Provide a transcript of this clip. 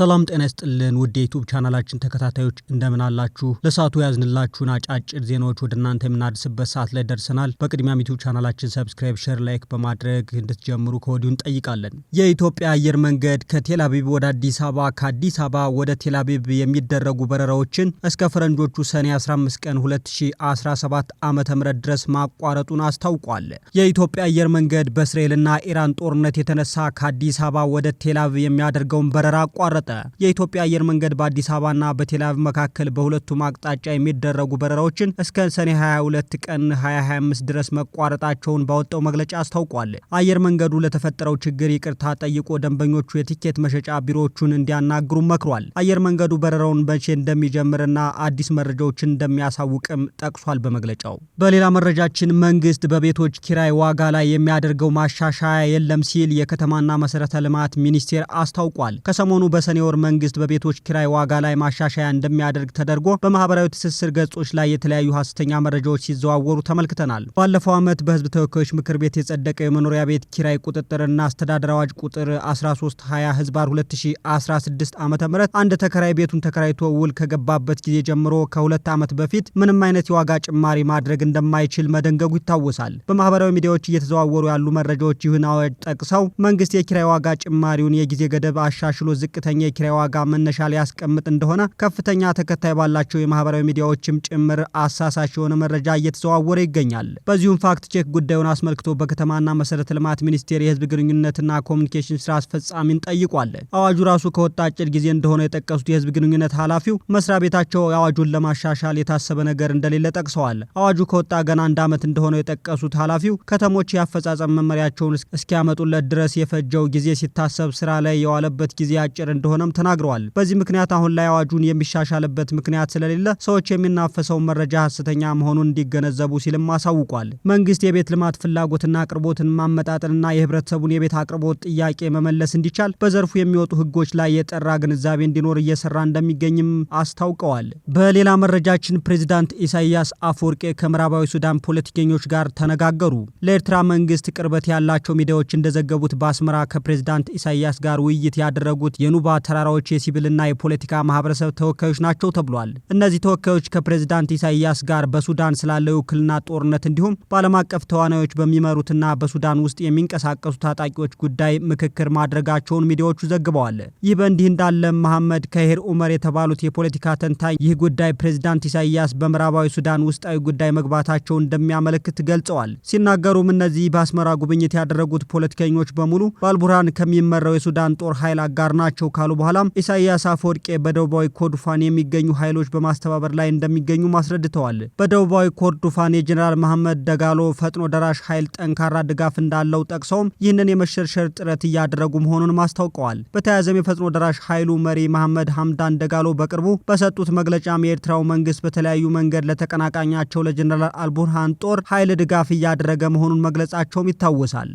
ሰላም ጤና ይስጥልን ውድ የዩቱብ ቻናላችን ተከታታዮች እንደምን አላችሁ? ለሰዓቱ ያዝንላችሁን አጫጭር ዜናዎች ወደ እናንተ የምናደርስበት ሰዓት ላይ ደርሰናል። በቅድሚያም ዩቱብ ቻናላችን ሰብስክራይብ፣ ሸር፣ ላይክ በማድረግ እንድትጀምሩ ከወዲሁ እንጠይቃለን። የኢትዮጵያ አየር መንገድ ከቴል ወደ አዲስ አበባ፣ ከአዲስ አበባ ወደ ቴል የሚደረጉ በረራዎችን እስከ ፈረንጆቹ ሰኔ 15 ቀን 2017 ዓ ም ድረስ ማቋረጡን አስታውቋል። የኢትዮጵያ አየር መንገድ በእስራኤልና ኢራን ጦርነት የተነሳ ከአዲስ አበባ ወደ ቴል የሚያደርገውን በረራ አቋረጠ። የኢትዮጵያ አየር መንገድ በአዲስ አበባና በቴላቪቭ መካከል በሁለቱም አቅጣጫ የሚደረጉ በረራዎችን እስከ ሰኔ 22 ቀን 2025 ድረስ መቋረጣቸውን ባወጣው መግለጫ አስታውቋል። አየር መንገዱ ለተፈጠረው ችግር ይቅርታ ጠይቆ ደንበኞቹ የቲኬት መሸጫ ቢሮዎቹን እንዲያናግሩ መክሯል። አየር መንገዱ በረራውን መቼ እንደሚጀምርና አዲስ መረጃዎችን እንደሚያሳውቅም ጠቅሷል በመግለጫው። በሌላ መረጃችን መንግስት በቤቶች ኪራይ ዋጋ ላይ የሚያደርገው ማሻሻያ የለም ሲል የከተማና መሰረተ ልማት ሚኒስቴር አስታውቋል። ከሰሞኑ በሰኔ የኒውዮር መንግስት በቤቶች ኪራይ ዋጋ ላይ ማሻሻያ እንደሚያደርግ ተደርጎ በማህበራዊ ትስስር ገጾች ላይ የተለያዩ ሀሰተኛ መረጃዎች ሲዘዋወሩ ተመልክተናል። ባለፈው ዓመት በህዝብ ተወካዮች ምክር ቤት የጸደቀ የመኖሪያ ቤት ኪራይ ቁጥጥርና አስተዳደር አዋጅ ቁጥር 1320 ህዝባር 2016 ዓ ም አንድ ተከራይ ቤቱን ተከራይቶ ውል ከገባበት ጊዜ ጀምሮ ከሁለት ዓመት በፊት ምንም አይነት የዋጋ ጭማሪ ማድረግ እንደማይችል መደንገጉ ይታወሳል። በማህበራዊ ሚዲያዎች እየተዘዋወሩ ያሉ መረጃዎች ይህን አዋጅ ጠቅሰው መንግስት የኪራይ ዋጋ ጭማሪውን የጊዜ ገደብ አሻሽሎ ዝቅተኛ ከፍተኛ የኪራይ ዋጋ መነሻ ሊያስቀምጥ እንደሆነ ከፍተኛ ተከታይ ባላቸው የማህበራዊ ሚዲያዎችም ጭምር አሳሳች የሆነ መረጃ እየተዘዋወረ ይገኛል። በዚሁም ፋክት ቼክ ጉዳዩን አስመልክቶ በከተማና መሰረተ ልማት ሚኒስቴር የህዝብ ግንኙነትና ኮሚኒኬሽን ስራ አስፈጻሚን ጠይቋል። አዋጁ ራሱ ከወጣ አጭር ጊዜ እንደሆነ የጠቀሱት የህዝብ ግንኙነት ኃላፊው መስሪያ ቤታቸው አዋጁን ለማሻሻል የታሰበ ነገር እንደሌለ ጠቅሰዋል። አዋጁ ከወጣ ገና አንድ ዓመት እንደሆነ የጠቀሱት ኃላፊው ከተሞች የአፈጻጸም መመሪያቸውን እስኪያመጡለት ድረስ የፈጀው ጊዜ ሲታሰብ ስራ ላይ የዋለበት ጊዜ አጭር እንደሆነ እንደሆነም ተናግረዋል። በዚህ ምክንያት አሁን ላይ አዋጁን የሚሻሻልበት ምክንያት ስለሌለ ሰዎች የሚናፈሰውን መረጃ ሐሰተኛ መሆኑን እንዲገነዘቡ ሲልም አሳውቋል። መንግስት የቤት ልማት ፍላጎትና አቅርቦትን ማመጣጠንና የህብረተሰቡን የቤት አቅርቦት ጥያቄ መመለስ እንዲቻል በዘርፉ የሚወጡ ህጎች ላይ የጠራ ግንዛቤ እንዲኖር እየሰራ እንደሚገኝም አስታውቀዋል። በሌላ መረጃችን ፕሬዚዳንት ኢሳያስ አፈወርቄ ከምዕራባዊ ሱዳን ፖለቲከኞች ጋር ተነጋገሩ። ለኤርትራ መንግስት ቅርበት ያላቸው ሚዲያዎች እንደዘገቡት በአስመራ ከፕሬዚዳንት ኢሳያስ ጋር ውይይት ያደረጉት የኑባ ተራራዎች የሲቪልና የፖለቲካ ማህበረሰብ ተወካዮች ናቸው ተብሏል። እነዚህ ተወካዮች ከፕሬዝዳንት ኢሳይያስ ጋር በሱዳን ስላለው ውክልና ጦርነት እንዲሁም በዓለም አቀፍ ተዋናዮች በሚመሩትና በሱዳን ውስጥ የሚንቀሳቀሱ ታጣቂዎች ጉዳይ ምክክር ማድረጋቸውን ሚዲያዎቹ ዘግበዋል። ይህ በእንዲህ እንዳለ መሐመድ ከሄር ኡመር የተባሉት የፖለቲካ ተንታኝ ይህ ጉዳይ ፕሬዝዳንት ኢሳይያስ በምዕራባዊ ሱዳን ውስጣዊ ጉዳይ መግባታቸው እንደሚያመለክት ገልጸዋል። ሲናገሩም እነዚህ በአስመራ ጉብኝት ያደረጉት ፖለቲከኞች በሙሉ በአልቡርሃን ከሚመራው የሱዳን ጦር ኃይል አጋር ናቸው ካሉ ካሉ በኋላ ኢሳያስ አፈወርቄ በደቡባዊ ኮርዱፋን የሚገኙ ኃይሎች በማስተባበር ላይ እንደሚገኙ አስረድተዋል። በደቡባዊ ኮርዱፋን የጀኔራል መሐመድ ደጋሎ ፈጥኖ ደራሽ ኃይል ጠንካራ ድጋፍ እንዳለው ጠቅሰውም ይህንን የመሸርሸር ጥረት እያደረጉ መሆኑን አስታውቀዋል። በተያያዘም የፈጥኖ ደራሽ ኃይሉ መሪ መሐመድ ሀምዳን ደጋሎ በቅርቡ በሰጡት መግለጫም የኤርትራው መንግስት በተለያዩ መንገድ ለተቀናቃኛቸው ለጀኔራል አልቡርሃን ጦር ኃይል ድጋፍ እያደረገ መሆኑን መግለጻቸውም ይታወሳል።